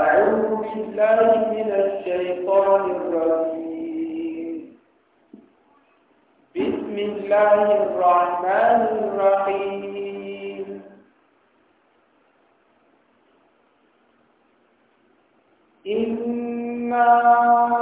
أعوذ بالله من الشيطان الرجيم بسم الله الرحمن الرحيم إِنَّا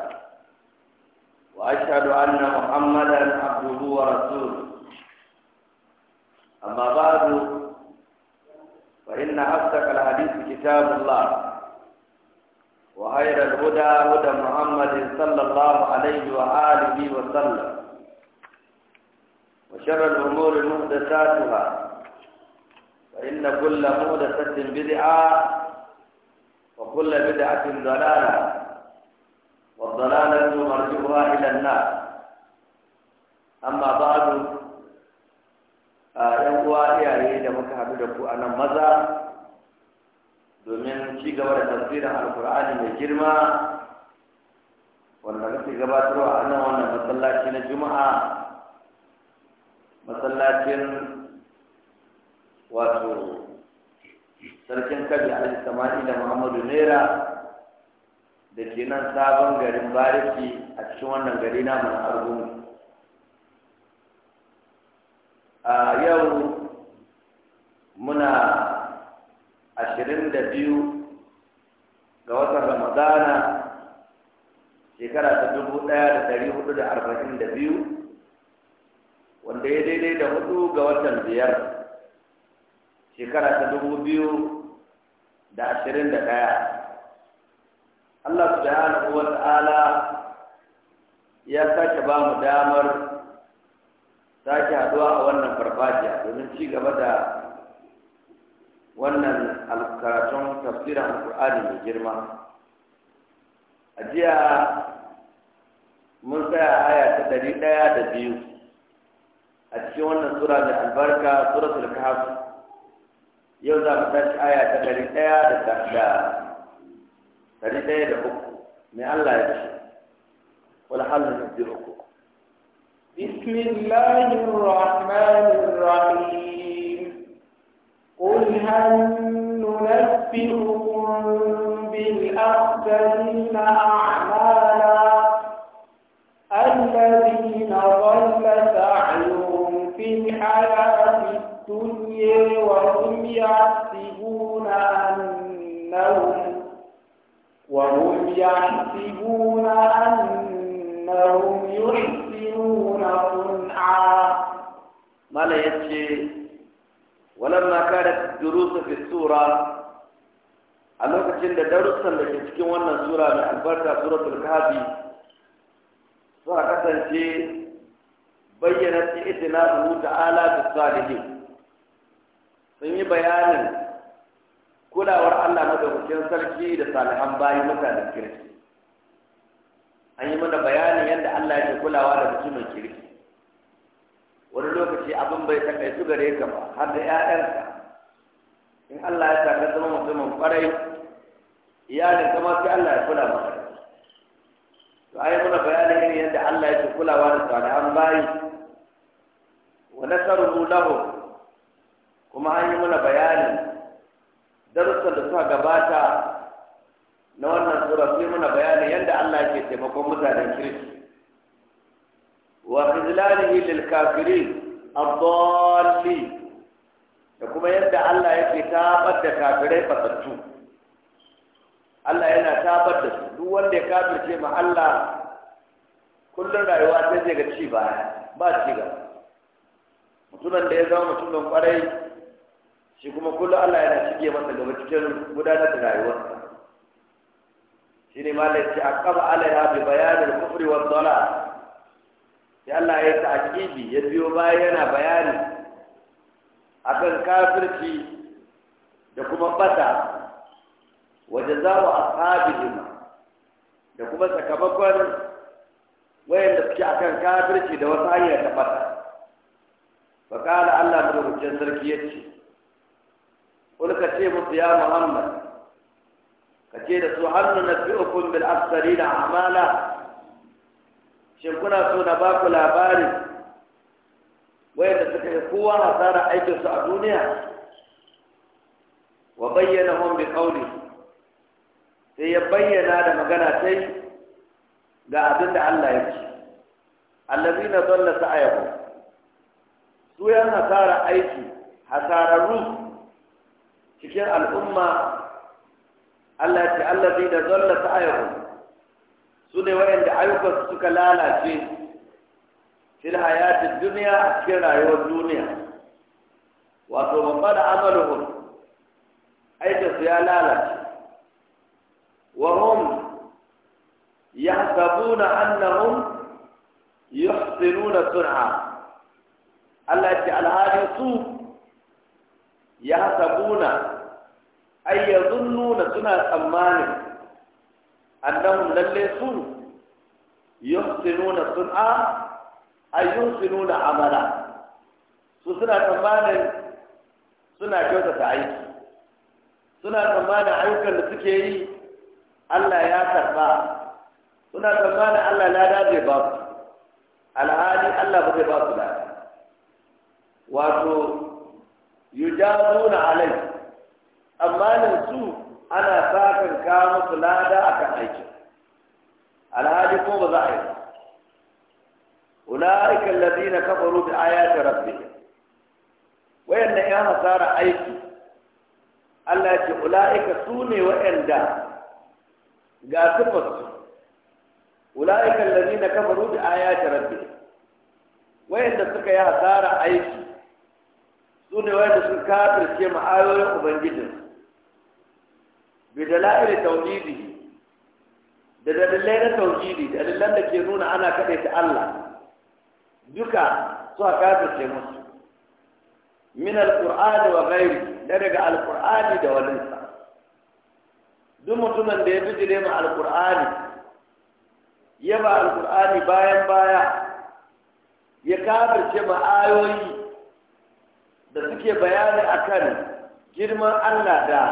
وأشهد أن محمدا عبده ورسوله أما بعد فإن أصدق الحديث كتاب الله وخير الهدى هدى محمد صلى الله عليه وآله وسلم وشر الأمور محدثاتها فإن كل محدثة بدعة وكل بدعة ضلالة tafsirin alkur'ani mai girma wanda muke gabatarwa a nan wannan masallaci na juma'a masallacin wato sarkin kabi samani da muhammadu naira da ke nan sabon garin bariki a cikin wannan gari na mai argun a yau muna ashirin da biyu ga watan ramadana shekara ta dubu ɗaya da ɗari hudu da arba'in da biyu wanda ya daidai da hudu ga watan biyar shekara ta dubu biyu da ashirin da ɗaya Allah subhanahu wa ta'ala ya sake ba mu damar sake haduwa a wannan farfajiya domin ci gaba da wannan alkaratun tafsirin alkur'ani mai girma a jiya mun tsaya aya ta ɗari ɗaya da biyu a cikin wannan sura mai albarka suratul kahf yau za mu tashi aya ta ɗari ɗaya da ɗari ɗaya da uku mai allah ya ce wal halin da uku بسم الله الرحمن الرحيم قل هل ننبئكم بالأخسرين أعمالا الذين ظل سعيهم في الحياة الدنيا وهم يحسبون أنهم وهم يحسبون أنهم يحسنون صنعا ما لا يتشي ولما كانت دروس في السورة a lokacin da darussan da ke cikin wannan sura mai albarka suratul kafi suka kasance bayyana da i'tinahu ta'ala da salihin sun yi bayanin kulawar Allah na madaukakin sarki da salihan bayi mutanen kirki an yi mana bayanin yadda Allah yake kulawa da mutumin kirki wani lokaci abin bai su gare ka ba har da ƴaƴansa in Allah ya sa ka zama mutumin kwarai iyalin ka ma sai Allah ya kula maka to ai muna bayanin irin yadda Allah yake kulawa da salihan bayi wa nasaruhu lahu kuma an yi muna bayani darussan da suka gabata na wannan sura sai muna bayani yadda Allah yake taimakon mutanen kirki وخذلانه للكافرين الضالين da kuma yadda Allah yake tabar da kafirai fatattu Allah yana tabar da su duk wanda ya kafirce ma Allah kullum rayuwa ta ba da ya zama mutumin kwarai shi kuma kullum Allah yana cike masa gaba cikin gudanar da rayuwarsa shine malai ce aqaba alaiha bi kufri sai Allah ya ta akibi ya biyo baya yana bayani akan kafirci da kuma bata wa jazaa'u jima, da kuma sakamakon da suke akan kafirci da wasu hanyar ta bata fa qala Allah rubutun sarki yace qul ka ce musu ya Muhammad ka ce da su hannu na bi'ukum bil da a'mala shin kuna so na ba ku labarin wayanda suka yi kowa hasara aikinsu a duniya wa bayyana hon bi kauli sai ya bayyana da magana sai ga abin da Allah ya ce allazi na zalla sa'ayahu su yan hasara aiki hasararru cikin al'umma Allah ya ce allazi na zalla sa'ayahu su ne waɗanda ayyukan suka lalace fil hayatin duniya a cikin rayuwar duniya wato babba da amaluhum aikinsu ya lalace wa hum yahsabuna annahum yuhsinuna sun'a Allah ya ce alhali su yahsabuna ay yazunnuna suna tsammanin annahum lalle su yuhsinuna sun'a ay yuhsinuna amala su suna tsammanin suna kyautata aiki suna tsammanin ayyukan da suke yi Allah ya karba suna tsammanin Allah ya zai ba su alhali Allah ba zai ba su lada wato yujaduna alai tsammanin su ana sakan ka musu lada akan aiki. alhaji ko ba za a yi ulaika alladhina kafaru bi ayati rabbihim wayanna ya hasara aiki Allah ce ulaika sune da. ga sifarsu ulaika alladhina kafaru bi ayati wayan wayanda suka yi hasara aiki sune wayanda sun kafirce ma'ayoyin ubangijinsu bi dalail tauhidi da dalilai na tauhidi dalilan da ke nuna ana kaɗai ta Allah duka su a kafirce musu min alqur'ani wa ghairi da daga alqur'ani da walinsa duk mutumin da ya bijire mu alqur'ani ya ba alqur'ani bayan baya ya kafirce ma ayoyi da suke bayani akan girman Allah da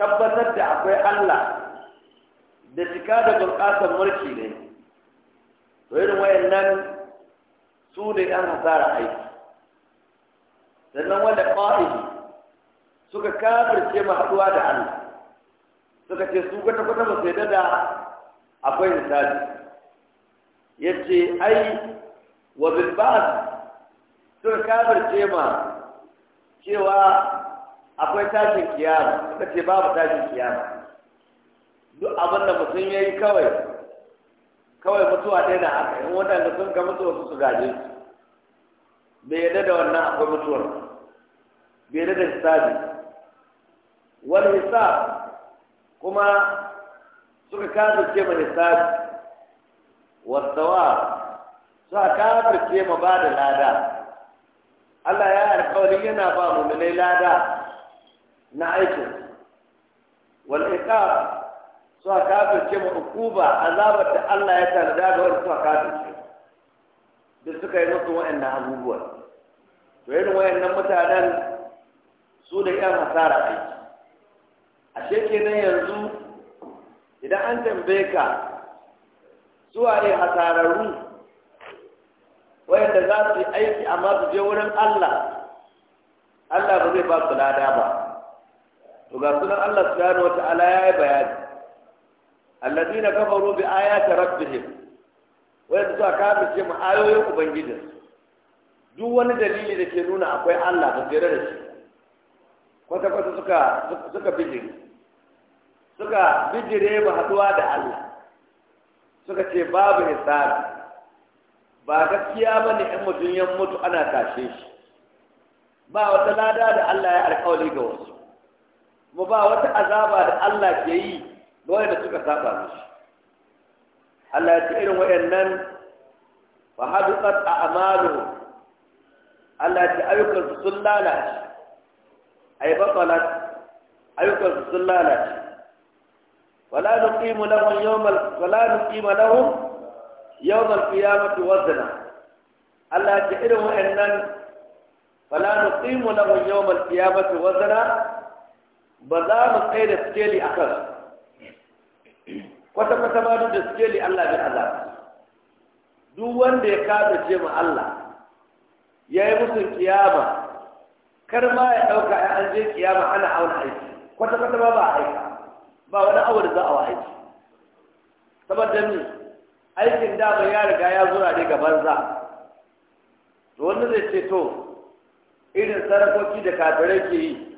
tabbatar da akwai Allah da cika da bunƙasar mulki ne to irin wayannan su ne ɗan hasara aiki sannan wanda ƙa'idi suka kafirce ma haɗuwa da Allah suka ce su kwata-kwata ba sai da akwai misali ya ce ai wa bilbas suka kafirce ma cewa akwai tashin kiyama suka ce babu tashin kiyama duk abin da mutum ya yi kawai kawai mutuwa ɗaya na haka in waɗanda sun ga mutuwa su su gaje su bai yarda da wannan akwai mutuwar bai yarda da hisabi wani hisab kuma suka ke ma hisabi wasawa suka ke ma ba da lada Allah ya alƙawarin yana ba mu lada na aikin wal iqab suka kafirce mu ukuba azabar da Allah ya da ga wanda suka kafirce da suka yi musu wa'annan abubuwan to irin wa'annan mutanen su da yan hasara aiki ashe kenan yanzu idan an tambaye ka suwa ne hasararru wayanda za su yi aiki amma su je wurin Allah Allah ba zai ba su lada ba to ga sunan Allah subhanahu wata'ala ya yi bayani allazina kafaru bi ayati rabbihim wanda suka kafirce mu ayoyin ubangijinsu duk wani dalili da ke nuna akwai Allah da tsere da shi kwata-kwata suka suka bijiri suka bijire ba haduwa da Allah suka ce babu hisabi ba gaskiya ba ne in mutum ya mutu ana tashe shi ba wata lada da Allah ya alƙawari ga wasu kuma ba wata azaba da Allah ke yi ba wanda suka saba mishi Allah ya ce irin wayannan fa hadqat a'malu Allah ya ce ayyukan su sun lalace ay batalat ayyukan su sun lalace wala nuqimu lahum yawmal wala nuqimu lahum yawmal qiyamati wazna Allah ya ce irin wayannan wala nuqimu lahum yawmal qiyamati wazna ba za mu kai da skeli a kan kwata-kwata ba duk da skeli Allah bin Allah duk wanda ya kada ce ma Allah ya yi musu kiyama kar ma ya ɗauka ya an je kiyama ana auna aiki kwata-kwata ba ba aika ba wani awar za a wa aiki saboda ni aikin da ba ya riga ya zura ne ga banza to wanda zai ce to irin sarakoki da kafirai ke yi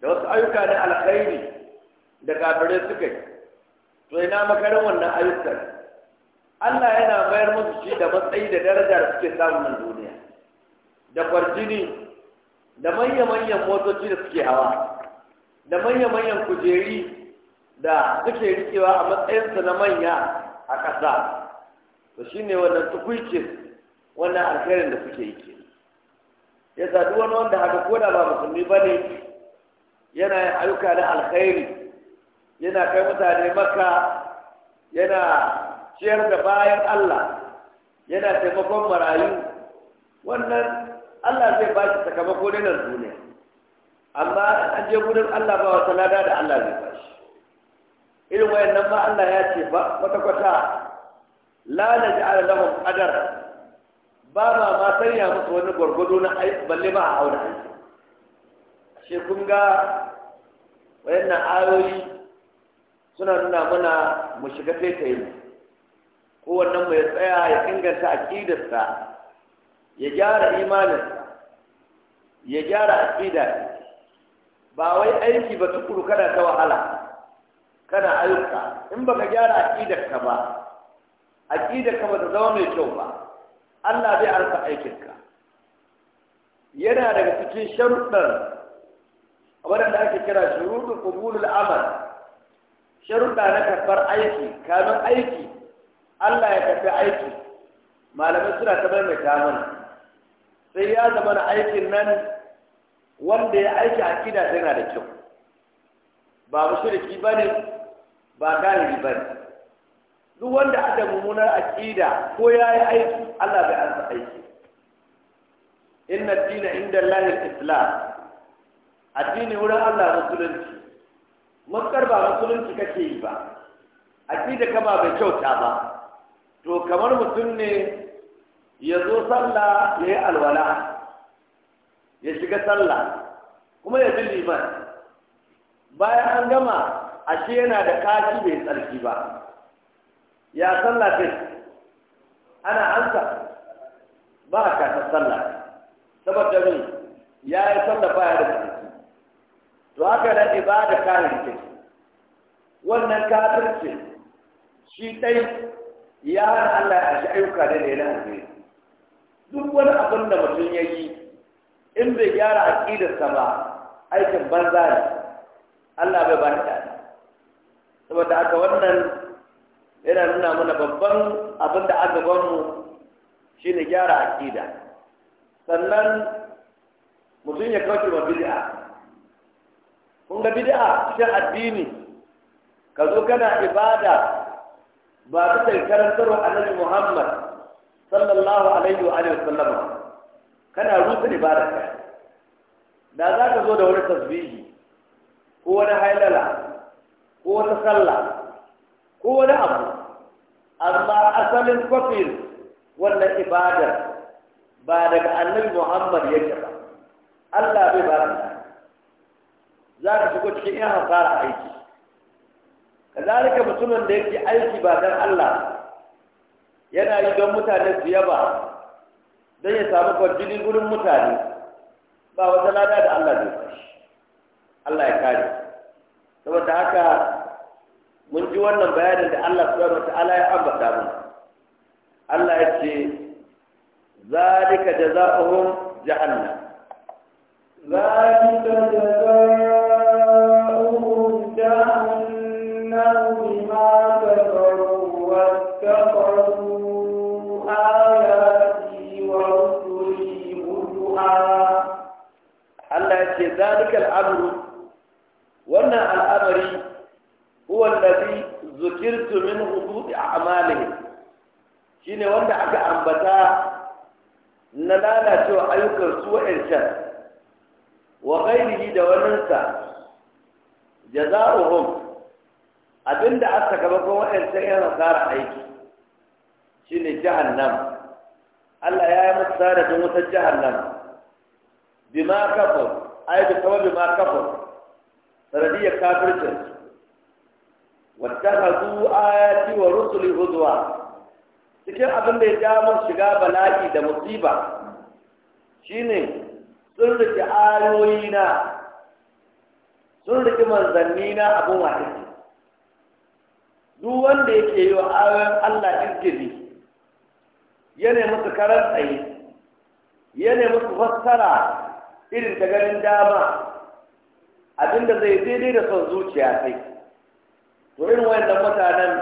da wasu ayyuka na alkhairi da kafirai suka yi to ina makarin wannan ayyukan Allah yana mayar musu shi da matsayi da daraja da suke samu nan duniya da kwarjini da manya-manyan motoci da suke hawa da manya-manyan kujeri da suke rikewa a matsayinsu na manya a ƙasa to shine wannan tukuicin wannan alkhairin da suke yi ke ya wani wanda haka ko da ba musulmi ba ne yana yin ayyuka na alkhairi yana kai mutane maka yana ciyar da bayan Allah yana taimakon marayu wannan Allah zai ba shi sakamako ne na duniya amma an je gudun Allah ba wata lada da Allah zai ba shi irin nan ma Allah ya ce ba kwata-kwata la na ala lahum qadar ba ma ma sanya musu wani gwargwado na balle ba a aure aiki shi kun ga wayannan ayoyi suna nuna mana mu shiga taitayi Kowannan mu ya tsaya ya inganta aƙidarsa ya gyara imaninsa ya gyara aƙida ba wai aiki ba tukuru kana ta wahala kana ayyuka in baka gyara aƙidarka ba aƙidarka ba ta zama mai kyau ba Allah zai arsa aikinka yana daga cikin sharuɗar waɗanda ake kira shuruɗu qubulul amal sharuɗa na karɓar aiki kamin aiki Allah ya karɓi aiki malamai suna ta mai ta sai ya zama na aikin nan wanda ya aiki akida yana da kyau ba mushriki bane ba kahiri bane duk wanda aka mummunar aƙida ko ya yi aiki Allah bai ansa aiki inna dina inda Allah islam addini wurin Allah musulunci matsar ba musulunci kake yi ba aqida ka ba bai kyauta ba to kamar mutum ne ya zo sallah ya yi alwala ya shiga sallah kuma ya bi liman bayan an gama ashe yana da kashi bai tsarki ba ya sallah ce ana ansa ba ka ta sallah saboda ne ya yi sallah baya da to haka nan ibada kayan ke wannan ce shi dai ya hana Allah ya shi ayyuka da ne na alheri duk wani abin da mutum ya yi in bai gyara aqidarsa ba aikin banza ne Allah bai ba ta saboda haka wannan yana nuna mana babban abin da aka shi shine gyara aqida sannan mutum ya kauce wa bid'a kun ga bid'a ta addini ka zo kana ibada ba bisa karantarwa annabi Muhammad sallallahu alaihi wa alihi wasallam kana rusa ibada ka da za ka zo da wani tasbihi ko wani hailala ko wata sallah ko wani abu amma asalin kwafin wannan ibada ba daga annabi Muhammad yake ba Allah bai ba za ka shigo cikin yan hasara aiki kazalika mutumin da yake aiki ba dan Allah yana yi don mutane su yaba don ya samu kwarjini gurin mutane ba wata lada da Allah zai fashi Allah ya kare saboda haka mun ji wannan bayanin da Allah subhanahu wata'ala ya ambata mu Allah ya ce zalika jazaohum jahannam zalika jazaohum جهنم بما كفروا واتخذوا آياتي ورسلي هزوا Allah ce zalikal amru wannan al'amari huwa allazi zukirtu min hududi a'malihim shine wanda aka ambata na lalacewa ayyukan su wa ghairihi da waninsa jaza'uhum abinda aka gaba kuma wa'ancan yan asara aiki shine jahannam Allah ya yi musu tsara da wutar jahannam bima kafar ai da kawai bima kafar sanadiyar kafircin wattakhadhu ayati wa rusuli huzwa cikin abin da ya ja mun shiga bala'i da musiba shine sun rike ayoyi na sun riƙe manzanni na abin wahayi duk wanda yake yi wa ayoyin Allah izgiri ya nemi su karar tsaye ya nemi su fassara irin ta ganin dama abinda zai daidai da son zuciya sai to irin wayannan mutanen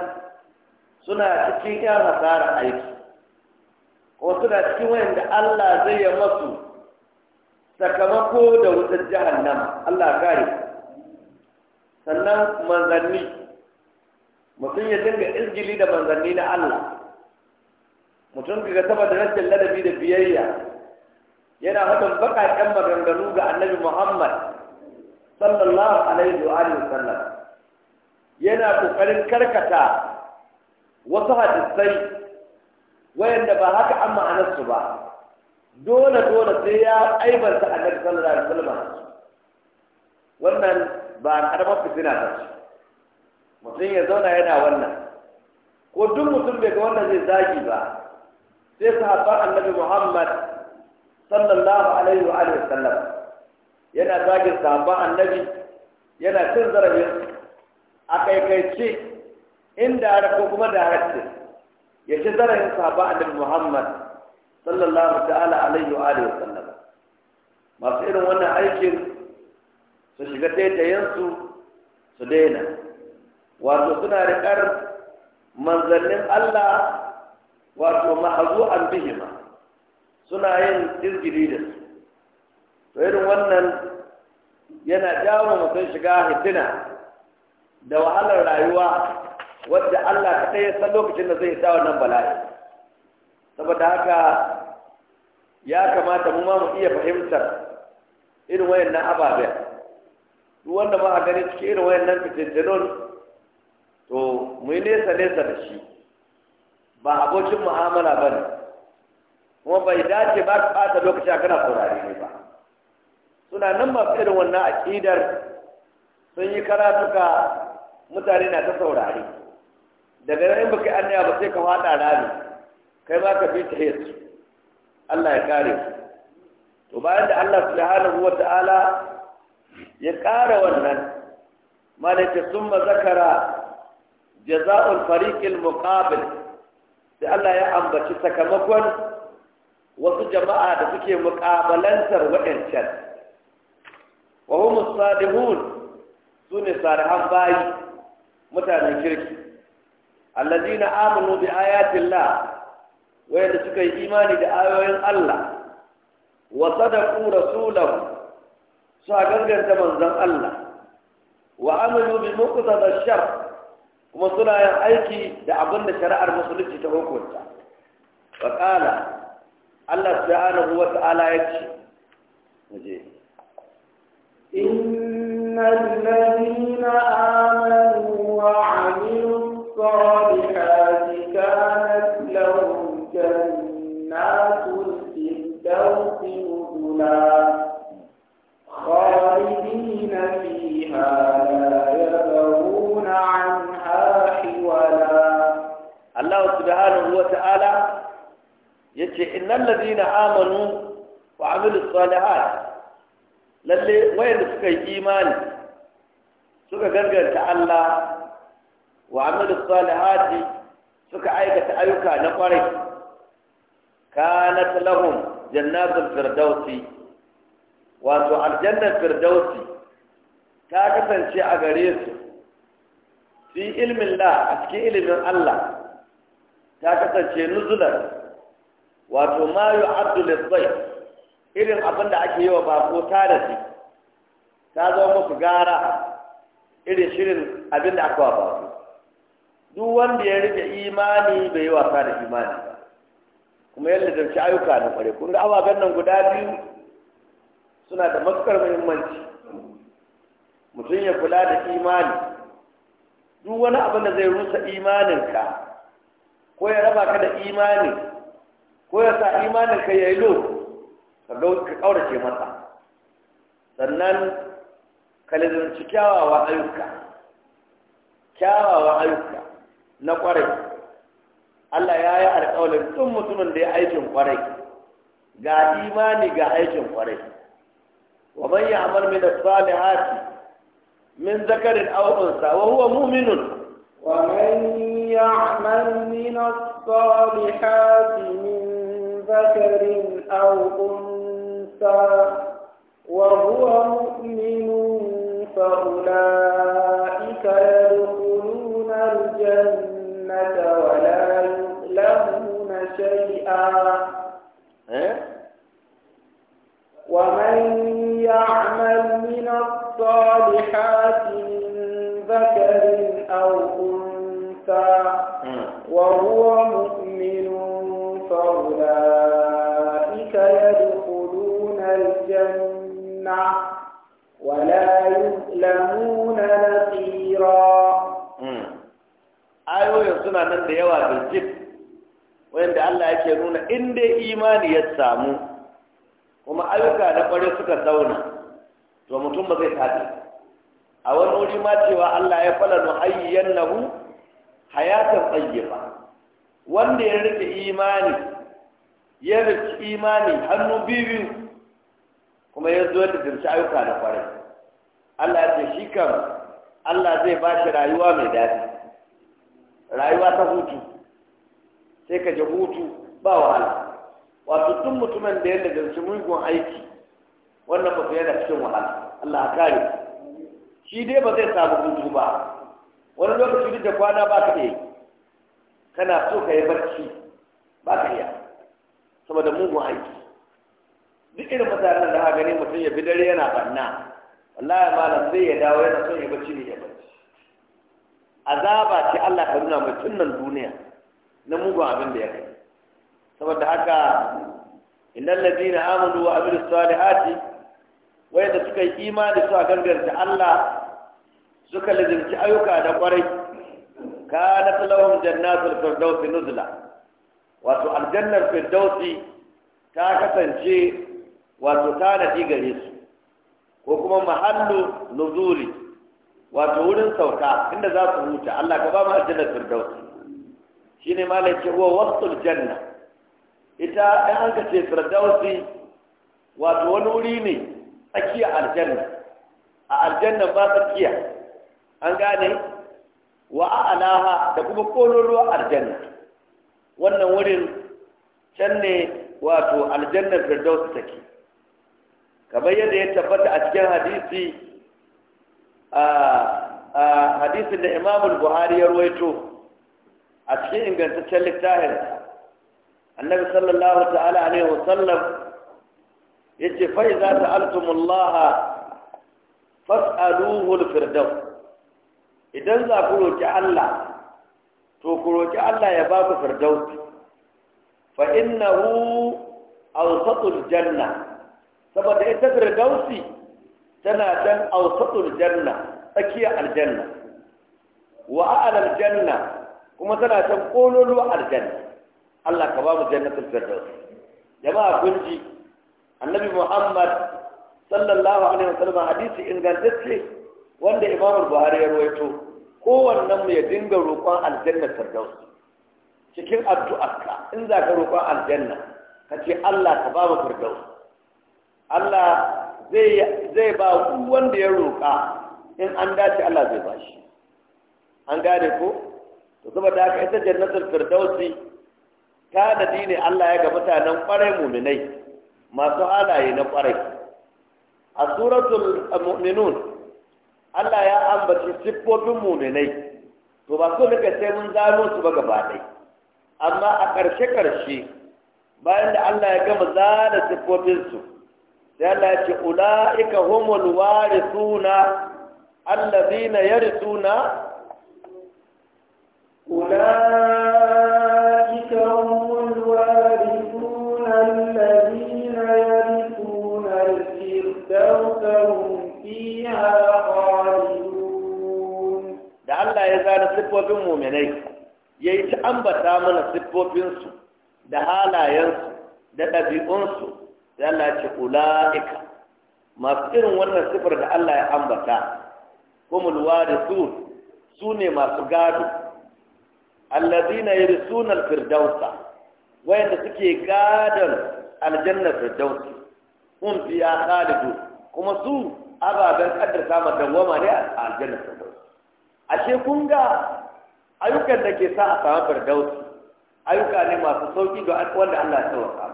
suna cikin yan hasara aiki ko suna cikin wayanda Allah zai yi masu sakamako da wutar jahannama Allah kare sannan manzanni mutum ya dinga izgili da manzanni na Allah mutum ga da rashin ladabi da biyayya yana baka baƙaƙen maganganu ga annabi Muhammad sallallahu alaihi wa alihi wasallam yana kokarin karkata wasu hadisai wayanda ba haka an ma'anarsu ba dole dole sai ya aibarta annabi sallallahu alaihi wasallam wannan ba karamar fitina ba ce mutum ya zauna yana wannan ko duk mutum bai ga wannan zai zagi ba sai sahabban annabi muhammad sallallahu alaihi wa sallam. yana zagin sahabban annabi yana cin zarafin a kaikaice inda ko kuma da harakce ya ci zarafin sahabban annabi muhammad sallallahu ta'ala alaihi wa sallam. masu irin wannan aikin su shiga taitayensu su daina wato suna riƙar manzannin Allah wato an bihima suna yin jirgiri da su to irin wannan yana jawo mutum shiga hitina da wahalar rayuwa wadda Allah kaɗai ya san lokacin da zai sa wannan bala'i saboda haka ya kamata mu ma mu iya fahimtar irin wayannan ababen duk wanda ba a gani cikin irin wayannan fitintunan to mu yi nesa nesa da shi ba abokin mu'amala ba ne kuma bai dace ba ka ɓata lokaci a kana saurari ne ba suna nan masu irin wannan aƙidar sun yi karatuka mutane na ta saurari daga nan baka annaya ba sai ka faɗa rami kai ma ka bi ta yesu Allah ya kare ku to bayan da Allah subhanahu wa ta'ala ya ƙara wannan malaka sun zakara jaza'ul fariqil muqabil sai Allah ya ambaci sakamakon wasu jama'a da suke muƙabalantar waɗancan wa humu sadihun su sune sarihan bayi mutanen kirki na amanu bi la wayanda suka yi imani da ayoyin Allah wa sadaku rasulahu suka ta manzon Allah wa amalu bi muqtada shar kuma suna yin aiki da abin da shari'ar musulunci ta hukunta wa qala Allah subhanahu wa ta'ala yace muje innal subhanahu wa ta'ala yace innal ladina amanu wa amilus salihat lalle wayanda suka yi imani suka garganta Allah wa amilus salihat suka aikata ayyuka na kwarai kanat lahum jannatul firdausi wato aljannar firdausi ta kasance a gare su fi ilmin la a cikin ilimin Allah ta kasance nuzular wato ma yu'addu lizbai irin abin da ake yi wa bako tarihi ta zo muku gara irin shirin abin da aka wa bako duk wanda ya rike imani bai yi wasa da imani kuma yadda shi ayyuka na kware kun ga awa nan guda biyu suna da matukar muhimmanci mutum ya kula da imani duk wani abin da zai rusa imaninka ko ya raba ka da imani ko ya sa imanin ka yayi lo ka ke masa sannan ka lizanci kyawawan ayyuka ayyuka na ƙwarai. Allah ya yi alƙawarin tun mutumin da ya aikin kwarai ga imani ga aikin kwarai wa man ya'mal min as-salihati min zakarin aw unsa wa huwa mu'minun wa man ya'mal min الصالحات من ذكر أو أنثى وهو مؤمن فأولئك يدخلون الجنة ولا يظلمون شيئا إيه؟ ومن يعمل من الصالحات من ذكر أو أنثى يَعْلَمُونَ نَصِيرًا ayoyin suna nan da yawa وين wanda Allah yake nuna in dai imani ya samu kuma ayyuka da ƙware suka zauna to mutum ba zai tafi a wani wuri ma cewa Allah ya fala nu ayyan lahu hayatan tayyiba wanda ya rike ya kuma ya zo da dirshi ayyuka da kwarai Allah ya ce shi kan Allah zai ba shi rayuwa mai daɗi rayuwa ta hutu sai ka ji hutu ba wahala wato tun mutumin da ya nazarci mugun aiki wannan ba da cikin wahala Allah ya kare shi dai ba zai samu hutu ba wani lokaci duk da kwana ba ka yi kana so ka yi barci ba ka iya saboda mugun aiki duk irin mutanen da haka ne mutum ya bi dare yana banna wallahi malam sai ya dawo yana son ya bacci ne ya bacci azaba ce Allah ka nuna mai tun nan duniya na mugun abin da ya kai saboda haka innal ladina amanu wa amilus salihati da suka yi imani suka gangarta Allah suka lazimci ayyuka da kwarai na lahum jannatul firdausi nuzula wato aljannar firdausi ta kasance wato tanadi gare su ko kuma mahallu nuzuli wato wurin sauka inda za su huta Allah ka ba mu aljanna firdaus shine malai ce huwa janna ita ai an ka ce firdausi wato wani wuri ne tsakiya aljanna a aljanna ba tsakiya an gane wa a'laha da kuma ruwa aljanna wannan wurin can ne wato aljannar firdausi take kamar yadda ya tabbata a cikin hadisi a hadisin da imamul buhari ya ruwaito a cikin ingantaccen littafin annabi sallallahu ta'ala alaihi wasallam yace fa idza ta'altumullah fas'aluhu al-firdaus idan za ku roki Allah to ku roki Allah ya baku ku firdaus fa innahu awsatul janna saboda ita firdausi tana dan ausatul janna tsakiyar aljanna wa a'lal janna kuma tana can kololuwa aljanna Allah ka ba mu jannatul firdaus jama'a kun ji annabi Muhammad sallallahu alaihi wasallam hadisi ingantacce wanda Imam Buhari ya rawaito kowannen mu ya dinga roƙon aljanna firdaus cikin addu'arka in za ka roƙon aljanna ka ce Allah ka ba mu firdaus Allah zai ba wanda ya roƙa in an dace Allah zai ba shi an gane ko to saboda haka ita jannatul firdausi ta da dine Allah ya ga mutanen ƙwarai muminai masu halaye na ƙwarai a suratul mu'minun Allah ya ambaci siffofin muminai to ba so muka sai mun zano su ba gaba ɗaya amma a ƙarshe ƙarshe bayan da Allah ya gama zana su. yalla ce ula'ika humul warithuna allazina yarithuna ula'ika humul warithuna allazina yarithuna al-firdausa hum fiha khalidun da Allah ya zana siffofin mu'minai yayi ta ambata mana siffofinsu da halayensu da ɗabi'unsu sai Allah ce ula'ika masu irin wannan sifar da Allah ya ambata humul da su ne masu gado allazina yi al-firdausa wayanda suke gadon aljanna firdausi hum fiha khalidu kuma su ababen kaddar sama dawama ne a aljanna firdausi ashe kun ga ayyukan da ke sa a samu firdausi ayyuka ne masu sauki ga wanda Allah ya sauka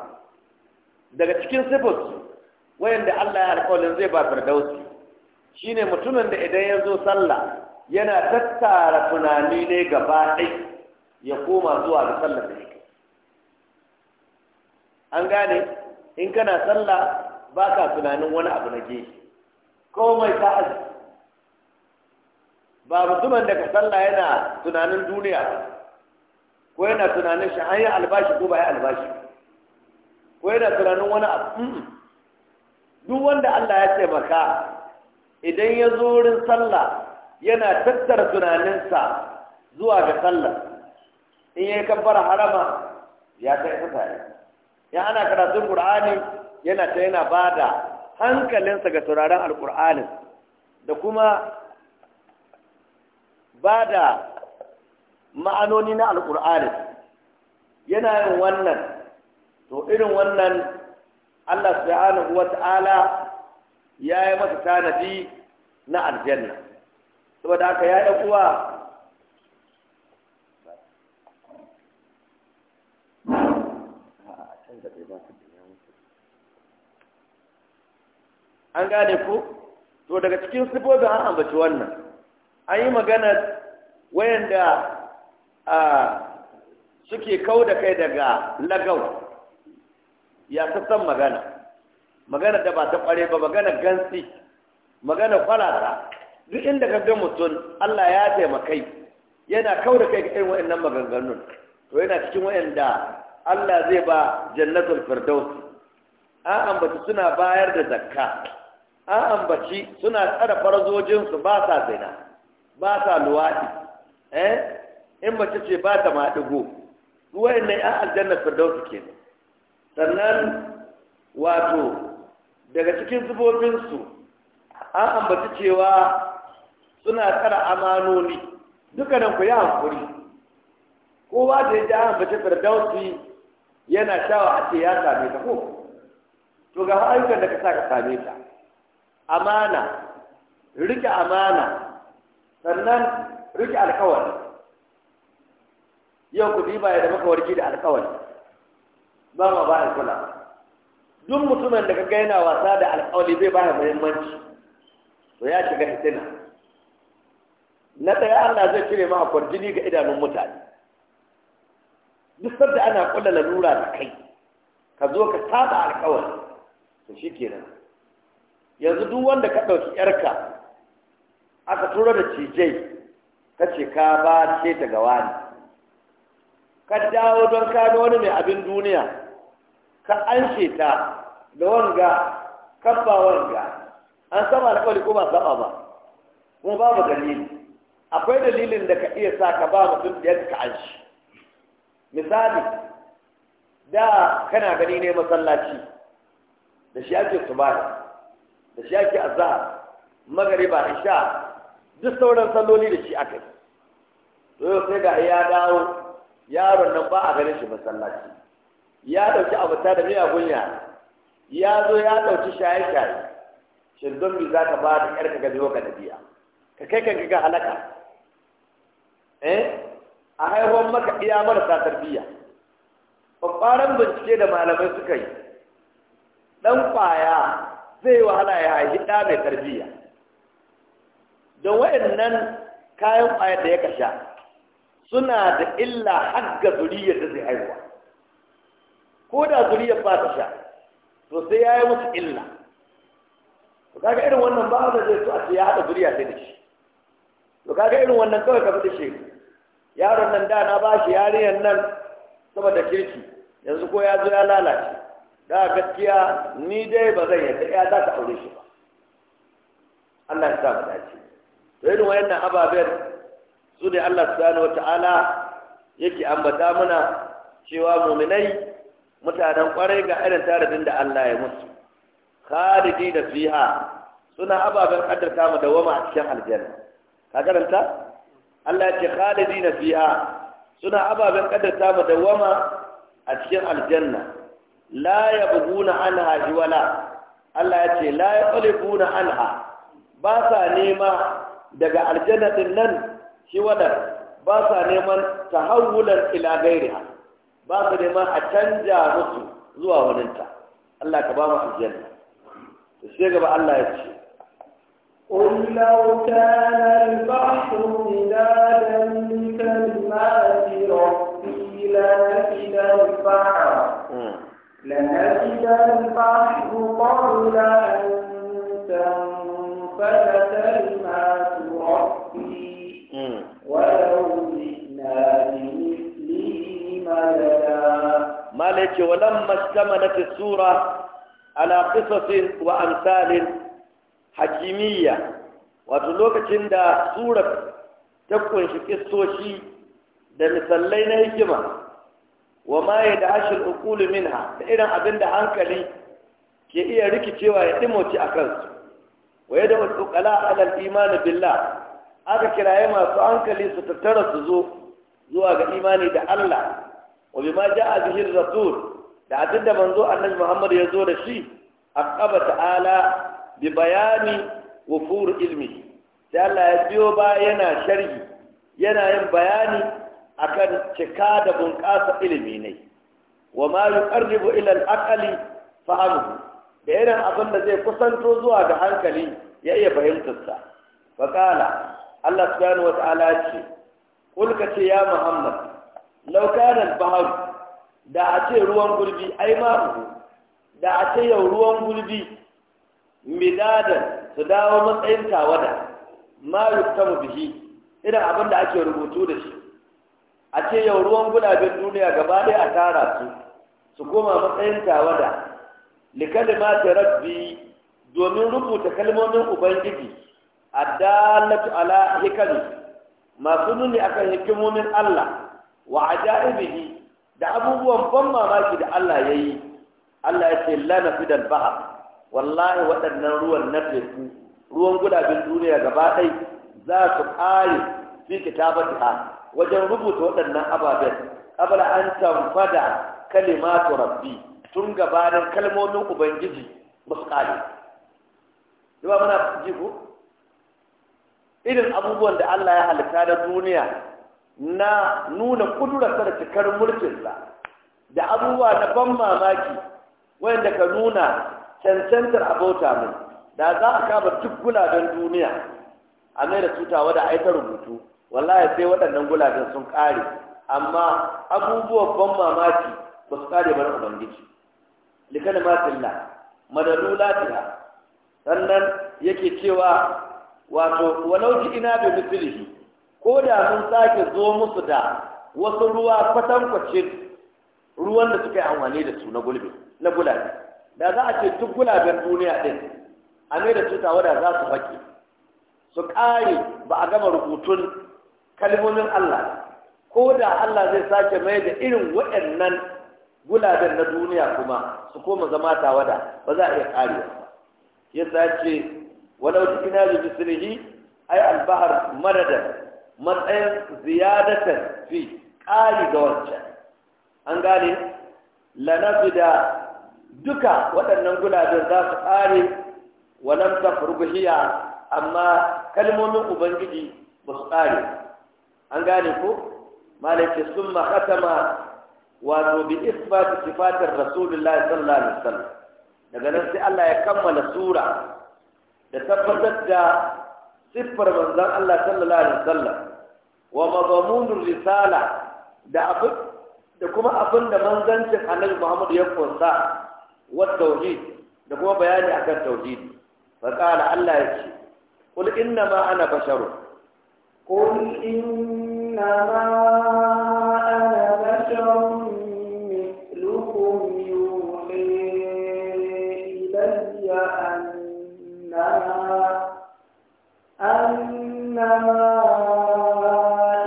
daga cikin sifus, wayanda Allah ya alƙawarin zai ba firdausi shine mutumin da idan ya zo sallah yana tattara tunani ne gaba ɗai ya koma zuwa ga Sallah da yake an gane in kana sallah baka ka tunanin wani abu na gefe komai ta aji ba mutumin da ka sallah yana tunanin duniya ko yana tunanin shi an yi albashi ko ba ya albashi ko yana tunanin wani abu duk wanda Allah ya taimaka idan ya zo wurin sallah yana tattara tunaninsa zuwa ga sallah in ya yi kabbara harama ya ta tare ya ana karatun qur'ani yana ta yana ba da hankalinsa ga turaren Alƙur'anin, da kuma ba da ma'anoni na Alƙur'anin, yana yin wannan to irin wannan Allah subhanahu wata'ala ya yi masa tanadi na aljanna saboda haka ya yi kuwa, an gane ku to daga cikin sifofin an ambaci wannan an yi magana wayanda suke kau da kai daga lagau ya ta san magana magana da ba ta kware ba magana gansi magana falata duk inda ka ga mutum Allah ya taimakai yana kau da kai irin waɗannan maganganun to yana cikin waɗanda Allah zai ba jannatul firdaus an bace suna bayar da zakka an bace suna tsara farzojinsu ba sa zina ba sa luwaɗi eh in mace ce ba ta maɗigo waɗannan 'yan aljannar firdaus kenan sannan wato daga cikin zubobinsu an ambaci cewa suna tsara amanoni dukkanin ku yi hankuri kowa da ya ji an ambaci firdausi yana shawa a ce ya same ta ko to ga ayyukan da ka sa ka same ta amana rike amana sannan rike alkawari yau ku ba ya da maka warki da alkawari ba ma ba kula duk mutumin da kaga yana wasa da alƙawari zai ba muhimmanci to ya shiga hitina na ɗaya Allah zai cire maka kwarjini ga idanun mutane duk sanda ana kula lalura da kai ka zo ka saba alƙawari to shikenan yanzu duk wanda ka ɗauki yarka aka tura da cijai ka ce ka ba ce ta gawa ka dawo don ka wani mai abin duniya ka anshe ta da wanga kabba wanga an sama da ko ba saba ba kuma babu dalili akwai dalilin da ka iya sa ka ba mutum da yadda ka anshi misali da kana gani ne masallaci da shi ake subaya da shi ake azhar magariba isha duk sauran salloli da shi aka yi to sai ga ya dawo yaron nan ba a ganin shi masallaci ya ɗauki abuta da miya gunya ya zo ya ɗauki shaye-shaye shin don bi za ka ba da ƙarfi ga zuwa ka ka kai ga halaka eh a haihuwan maka iya marasa tarbiyya babbaran bincike da malamai suka yi ɗan ƙwaya zai wahala ya haihi ɗa mai tarbiyya don waɗannan kayan ƙwaya da ya kasha suna da illa har ga zuriyar da zai haihuwa ko da zuriyar ba ta sha to sai ya yi musu illa to kaga irin wannan ba da zai so a ce ya haɗa zuriya sai da shi to kaga irin wannan kawai ka fita shi yaron nan da na ba shi yarinyar nan saboda kirki yanzu ko ya zo ya lalace da gaskiya ni dai ba zan yadda ya za ta aure shi ba Allah ya sa mu dace to irin wayannan ababen su ne Allah subhanahu wata'ala yake ambata muna cewa muminai mutanen kwarai ga irin taradin da Allah ya musu khalidi da fiha suna ababen kaddarta mu da wama a cikin aljanna ka karanta Allah ya ce khalidi na fiha suna ababen kaddarta mu da wama a cikin aljanna la yabghuna anha wala. Allah ya ce la yaqlibuna anha ba sa nema daga aljanna din nan shi hiwala ba sa neman tahawulan ila gairiha ba su neman a canja musu zuwa waninta Allah ka ba mu aljanna to sai gaba Allah ya ce قل لو كان البحر مدادا لكلمات ربي لنفد البحر لنفد البحر قبل أن تنفد كلمات ربي ولو جئنا به malai ce walan mashtamalat sura ala qisasin wa amsalin hakimiyya wato lokacin da surar ta kunshi kissoshi da misallai na hikima wa ma ya da ashil ukulu minha da irin abin da hankali ke iya rikicewa ya dimoci a kansu wa ya da ukala alal imani billah aka kiraye masu hankali su tattara su zo zuwa ga imani da Allah wa bima ja'a bihi rasul da abinda manzo annabi Muhammad ya zo da shi aqaba ta'ala bi bayani wufur ilmi sai ya biyo ba yana sharhi yana yin bayani akan cika da bunƙasa ilimi ne wa ma yuqarribu ila al-aqli fahmuhu da irin abin da zai kusanto zuwa ga hankali ya iya fahimtarsa fa Allah subhanahu wa ta'ala ce kulka ce ya Muhammad laukanan bahar da a ce ruwan gulbi ai da a ce yau ruwan gulbi midadan su dawo matsayin tawada ma yuktamu bihi irin abin da ake rubutu da shi a ce yau ruwan gulabin duniya gaba ɗaya a tara su su koma matsayin tawada likalimati rabbi domin rubuta kalmomin ubangiji addalatu ala hikami masu nuni akan hikimomin Allah wa ajaibihi da abubuwan ban mamaki da Allah ya yi Allah ya ce la nafidal bahar wallahi waɗannan ruwan na teku ruwan gudaben duniya gaba ɗai za su ƙare fi ha, wajen rubuta waɗannan ababen abala an tamfada kalimatu rabbi tun gabanin kalmomin ubangiji ba su ƙare ba muna ji ko irin abubuwan da Allah ya halitta da duniya na nuna kudurarsa da cikar mulkinsa da abubuwa na ban mamaki wanda ka nuna cancantar abota mai da za a kama duk gulaben duniya a mai da tutawa da aita rubutu wallahi sai waɗannan gulaben sun ƙare amma abubuwan ban mamaki ba su ƙare bar ubangiji likana matilla madalulatiha sannan yake cewa wato walau ji ina bi mislihi ko da sun sake zo musu da wasu ruwa kwatankwacin ruwan da suka yi amfani da su na gulbi na gulabe da za a ce duk gulaben duniya din a mai da su da za su baki su ƙare ba a gama rubutun kalmomin Allah ko da Allah zai sake mai da irin waɗannan gulaben na duniya kuma su koma zama tawada ba za a iya kare ya sace walau cikin yaji bisirihi ai albahar maradan matsayin ziyadatar fi ƙari ga wancan an gane lanafi da duka waɗannan gulajen za su ƙare walam furbuhiya amma kalmomin ubangiji ba su ƙare an gane ko malaki sun makatama wato bi isbati sifatar rasulullahi sallallahu alaihi wasallam daga nan sai Allah ya kammala sura da tabbatar da siffar manzon Allah sallallahu alaihi wasallam wa madmunur risala da abin da kuma abin da manzancin Annabi Muhammad ya kunsa wa tauhid da kuma bayani akan tauhid fa qala Allah ya ce qul inna ma ana basharun qul inna ma ana basharun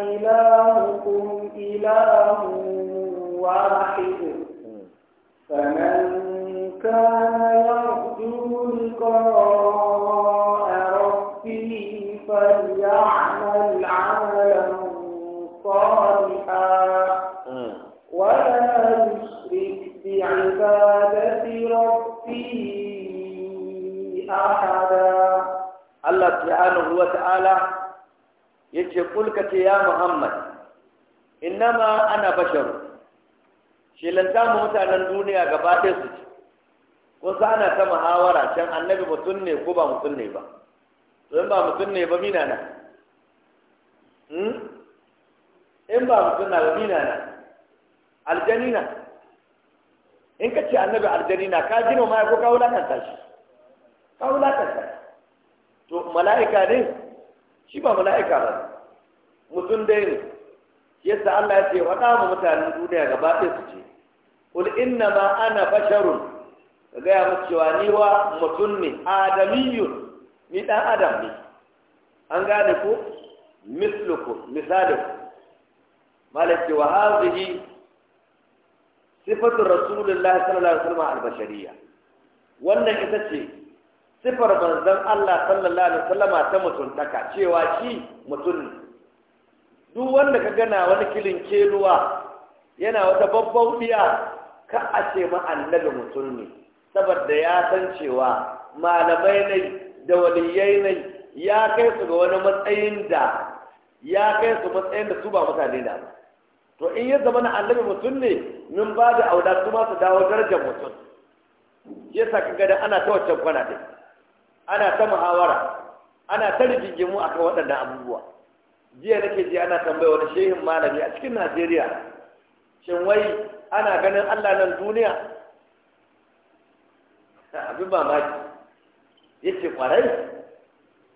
إلهكم إله واحد فمن كان يرجو لقاء ربه فليعمل عملا صالحا ولا يشرك بعبادة ربه أحدا الله سبحانه وتعالى yace kul ce ya muhammad innama ana basharu shi lanta mu mutanen duniya gaba ɗaya su ci ko sa ana ta muhawara can annabi mutum ne ko ba mutum ne ba in ba mutum ne ba mina na hmm? in ba mutum na ba mina na aljani na in ka ce annabi aljani na ka jino ma ko ka wulakanta shi ka wulakanta to mala'ika ne shi ba mala'ika ba mutum dai ne yadda Allah ya ce faɗa mu mutanen duniya gaba ɗaya su ce kul inna ma ana basharun ka gaya musu cewa ni wa mutum ne adamiyun ni ɗan adam ne an gane ku misluku misaliku malaki wa hazihi sifatu rasulillahi sallallahu alaihi wasallam al-bashariyya wannan ita ce sifar manzon Allah sallallahu alaihi wasallama ta mutuntaka cewa shi mutum ne duk wanda ka gana wani kilin keluwa yana wata babban biya ka a ce ma annabi mutum ne saboda ya san cewa malamai ne da waliyai ne ya kai su ga wani matsayin da ya kai su matsayin da su ba mutane da to in ya zama na annabi mutum ne min ba da auda su ma su dawo darajar mutum yasa kaga da ana ta wacce kwana dai ana ta muhawara ana ta rigingimu akan waɗannan abubuwa jiya nake ji ana tambaya wani shehin malami a cikin najeriya shin wai ana ganin allah nan duniya abin mamaki ya ce kwarai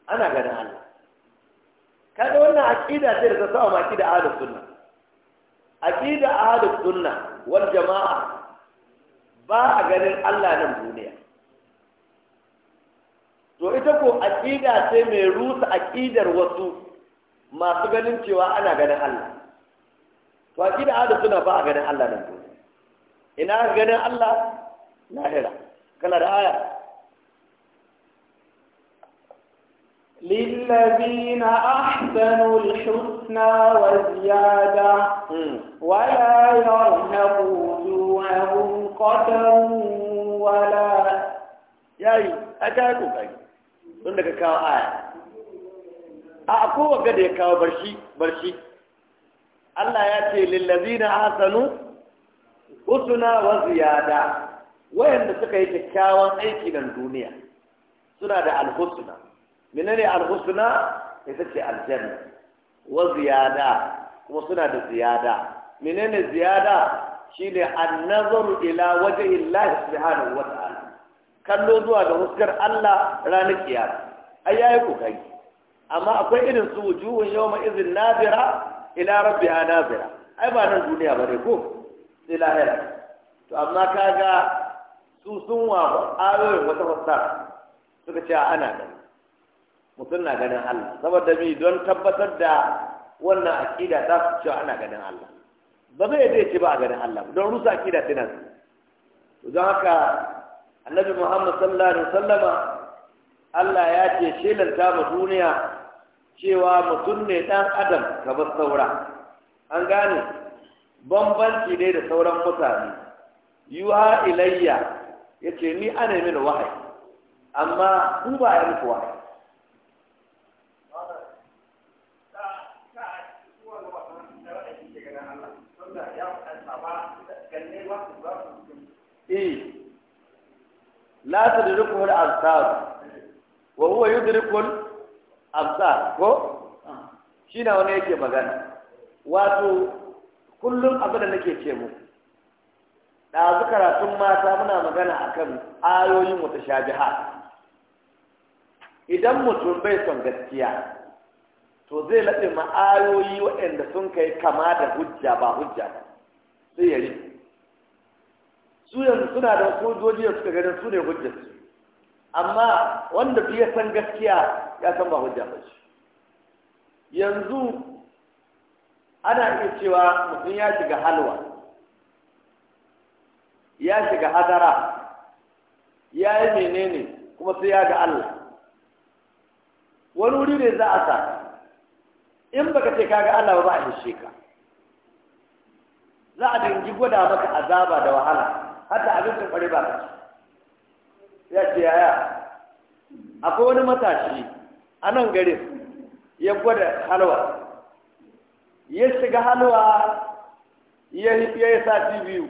ana ganin allah kada wannan aƙida ce da ta ma maki da ahlus sunna aƙida ahlus sunna wal jama'a ba a ganin allah nan duniya to ita ko aƙida ce mai rusa aƙidar wasu masu ganin cewa ana ganin Allah to aƙida ahlu suna ba a ganin Allah nan to ina ganin Allah lahira kana da aya للذين أحسنوا الحسنى وزيادة ولا يرهق وجوههم قتر ولا يا أيها أتاكم أيها don daga kawo aya a akowa gada ya kawo barshi barshi Allah ya ce na hasanu usuna wa ziyada wayanda suka yi kyakkyawan aiki nan duniya suna da alhusna menene alhusuna ya ce aljanna wa ziyada kuma suna da ziyada menene ziyada shine an-nazaru ila wajhi Allah subhanahu wa ta'ala kallo zuwa ga huskar Allah ranar kiyama ai yayi kokari amma akwai irin su wujuhun yawma izin nabira ila rabbiha nabira ai ba nan duniya bane ko sai lahira to amma kaga su sun wa ayoyin wata fassara suka ce ana mu mutum na ganin Allah saboda mi don tabbatar da wannan aqida ta su cewa ana ganin Allah ba zai je ce ba a ganin Allah don rusa aqida tana don haka annabi muhammad sallallahu alaihi wasallama Allah ya ce shelanta ma duniya cewa mutum ne dan adam kamar saura an gane bambanci ne da sauran mutane yuha ilayya yace ni ana yi mini wahayi amma ku ba ya muku wahayi eh la tudrikuhu al-absar wa huwa yudrikul absar ko shine wani yake magana wato kullum abin da nake ce muku ɗazu karatun mata muna magana akan ayoyin shabi'a. idan mutum bai son gaskiya to zai laɗe ma ayoyi waɗanda sun kai kama da hujja ba hujja sai su yanzu suna da wasu hujjoji da suka ganin su ne hujjar su amma wanda ya san gaskiya ya san ba hujja ba shi yanzu ana iya cewa mutum ya shiga halwa ya shiga hadara ya yi menene kuma sai ya ga Allah wani wuri ne za a sa in baka ce ga Allah ba ba a hishe ka za a dangi gwada maka azaba da wahala abin abincin kware ba ya ce yaya akwai wani matashi a nan garin ya gwada halwa ya shiga halwa ya yi sati biyu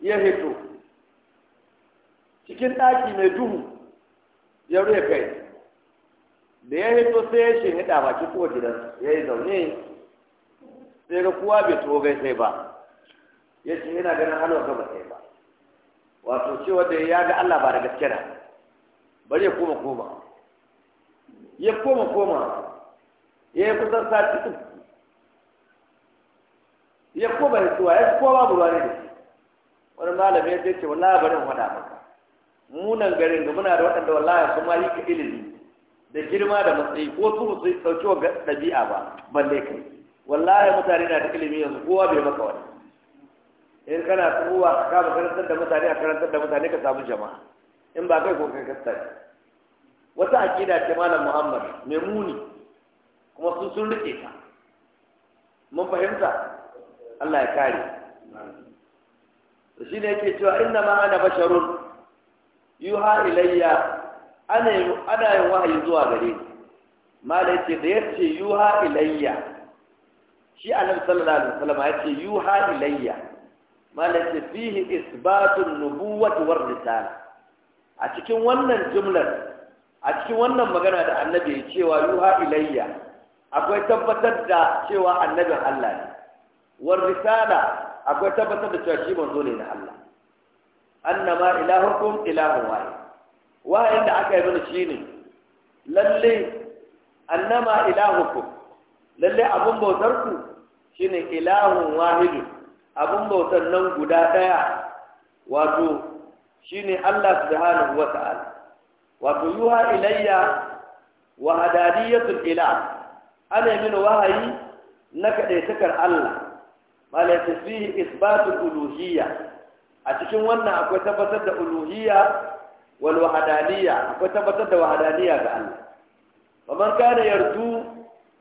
ya hito cikin ɗaki mai duhu ya rufe kai da ya hito sai ya shi hida baki ko gidansu ya yi zaune sai ga kowa bai togai sai ba ya ce yana ganin halwar ba sai ba wato ce wanda ya ga Allah ba da gaske da. bari ya koma koma ya koma koma ya yi kusan sati uku ya koma ya tuwa ya kowa babu ruwa ne da shi wani malami ya ce wallahi bari in faɗa maka munan garin da muna da waɗanda wallahi sun ma yi ka ilimi da girma da matsayi ko su su ɗauki wa ɗabi'a ba balle kai wallahi mutane na da ilimi yanzu kowa bai maka wani in kana tsohuwa ka kama karantar da mutane a karantar da mutane ka samu jama'a in ba kai ko kai kasta ne wata aƙida ce malam muhammad mai muni kuma sun sun rike ta mun fahimta allah ya kare shi ne yake cewa inna ma ana basharun yuha ilayya ana yin wahayi zuwa gare ni mala yace da yace yuha ilayya shi annabi sallallahu alaihi wasallam ya ce yuha ilayya malaka fihi isbatun nubuwati war risala a cikin wannan jumlar a cikin wannan magana da annabi ya cewa yuha ilayya akwai tabbatar da cewa annabin Allah ne war risala akwai tabbatar da cewa shi manzo ne na Allah annama ilahukum ilahu wahid wahayin da aka yi mana shine lalle annama ilahukum lalle abun bautar ku shine ilahun wahidun abun bautan nan guda ɗaya wato shine Allah subhanahu wa ta'ala wato yuha ilayya wa hadaniyatul ilah ana min wahayi na takar Allah malai tasbihi isbatu uluhiyya a cikin wannan akwai tabbatar da uluhiyya wal wahdaniyya akwai tabbatar da wahdaniyya ga Allah wa man kana yardu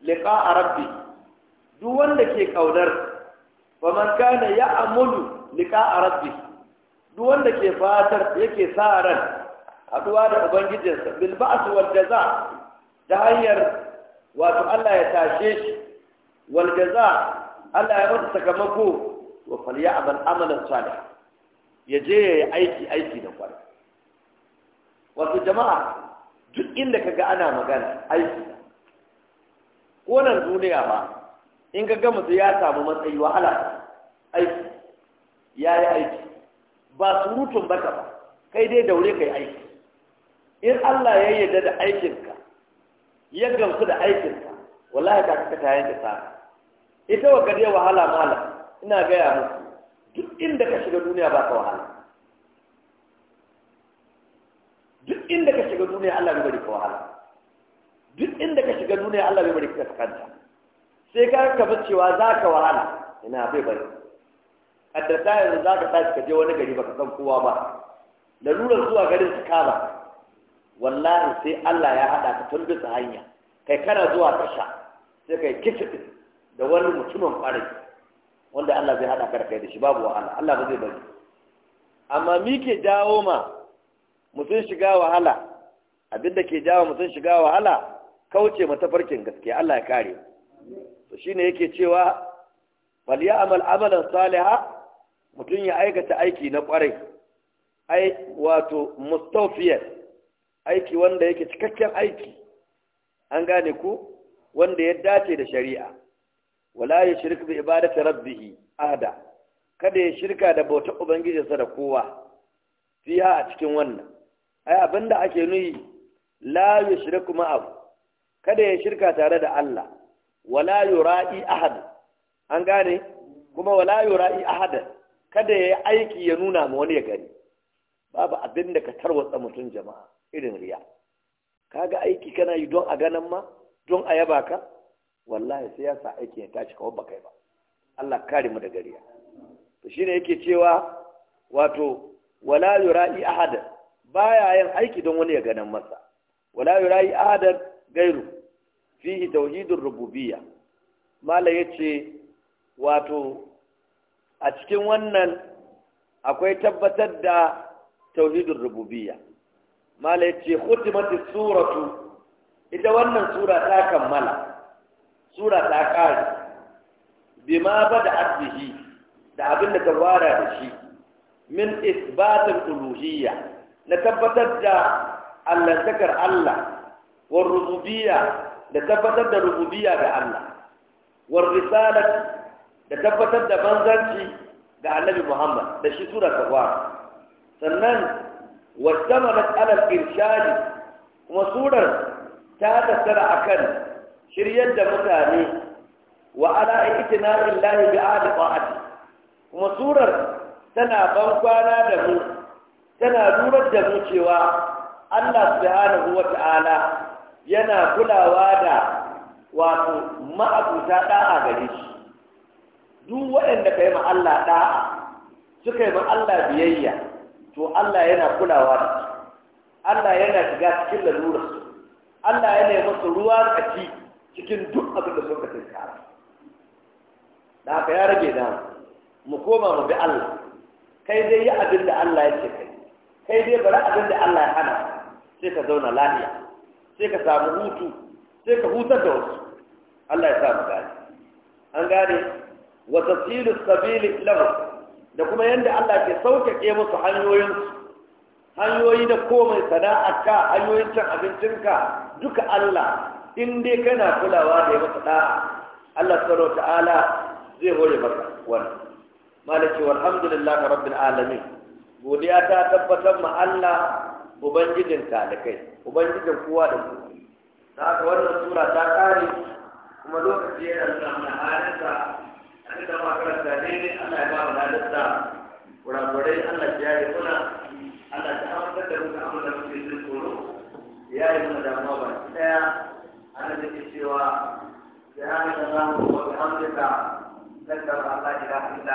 liqa rabbi duk wanda ke ƙaunar. wa man kana ya'malu liqa'a rabbi duk wanda ke fatar yake sa ran haduwa da ubangijinsa bil ba'th wal jaza da hanyar wato Allah ya tashe shi wal jaza Allah ya masa sakamako wa ya'mal amalan salih ya je yayi aiki aiki da kwarai wato jama'a duk inda kaga ana magana aiki ko nan duniya ba in kaga mutu ya samu matsayi wahala aiki ya yi aiki ba surutun baka ba kai dai daure ka yi aiki in Allah ya yarda da aikinka ya gamsu da aikinka wallahi ka ka ta yanke sa ita wa gare wahala mala ina gaya musu duk inda ka shiga duniya ba ka wahala duk inda ka shiga duniya Allah bai bari ka wahala duk inda ka shiga duniya Allah bai bari ka kanta sai ka kafa cewa za ka wahala ina bai bari ta yanzu za ka tashi ka je wani gari baka san kowa ba Da nuna zuwa garin su kama wallahi sai Allah ya haɗa ka tun bisa hanya kai kana zuwa kasha sai kai kicin da wani mutumin kwarai wanda Allah zai haɗa ka da kai da shi babu wahala Allah ba zai bari amma mi ke jawo ma mutum shiga wahala abinda ke jawo mutum shiga wahala kauce ma tafarkin gaskiya Allah ya kare to shine yake cewa wal ya'mal amalan saliha mutum ya aikata aiki na kwarai ai wato mustafiyar aiki wanda yake cikakken aiki an gane ku wanda ya dace da shari'a wala ya shirka bi ibadati rabbih ahada kada ya shirka da bauta ubangijinsa da kowa fiha a cikin wannan ai abinda ake nuyi la yushriku abu. kada ya shirka tare da Allah wala yura'i ahad an gane kuma wala yura'i ahad kada ya yi aiki ya nuna ma wani ya gani babu abin da ka tarwatsa mutum jama'a irin riya kaga aiki kana yi don a ganin ma don a yaba ka wallahi sai ya sa aiki ya tashi kawai baka ba Allah kare mu daga riya to shine yake cewa wato wala yura'i ahad baya yin aiki don wani ya ganin masa wala yura'i ahad gairu fihi tauhidur rububiyya mala yace wato a cikin wannan akwai tabbatar da tauhidin rububiya mala yace khutimatis suratu ita wannan sura ta kammala sura ta kare bima bada abdihi da abin da ta fara da shi min isbatul uluhiyya na tabbatar da allahntakar Allah war rububiyya da tabbatar da rububiyya ga Allah war risalat da tabbatar da banzanci ga annabi muhammad da shi sura ta fara sannan wasamanat alal irshadi kuma surar ta tattara akan shiryar da mutane wa ala itina'in lahi bi ahli ta'ati kuma surar tana ban kwana da mu tana durar da mu cewa Allah subhanahu yana kulawa da wato ma'abuta da'a gare shi duk waɗanda ka yi ma Allah ɗa'a suka yi ma Allah biyayya to Allah yana kulawa da su Allah yana shiga cikin lalura su Allah yana yi masa ruwa ci cikin duk abin da suka tinkara da haka ya rage da mu koma mu bi Allah kai dai yi abin da Allah ya ce kai kai dai bari abin da Allah ya hana sai ka zauna lafiya sai ka samu hutu sai ka hutar da wasu Allah ya sa mu an gane wa tasilu sabili lahu da kuma yanda Allah ke sauƙaƙe musu hanyoyin hanyoyi da komai ka hanyoyin cin abincinka duka Allah in dai kana kulawa da yaba masa Allah subhanahu ta'ala zai hore maka wannan malaki walhamdulillah rabbil alamin godiya ta tabbatar ma Allah ubangijin talikai ubangijin kowa da kowa ta haka wannan sura ta kare kuma lokaci yana nuna mana halinsa an da ma karanta ne Allah ya ba mu halitta kurakurai Allah ya yi kuna Allah ta amintar da muka amintar da muke jin tsoro ya yi muna damuwa ba ɗaya ana da cewa ya hana da zamu wa bihamdika lakar Allah ila illa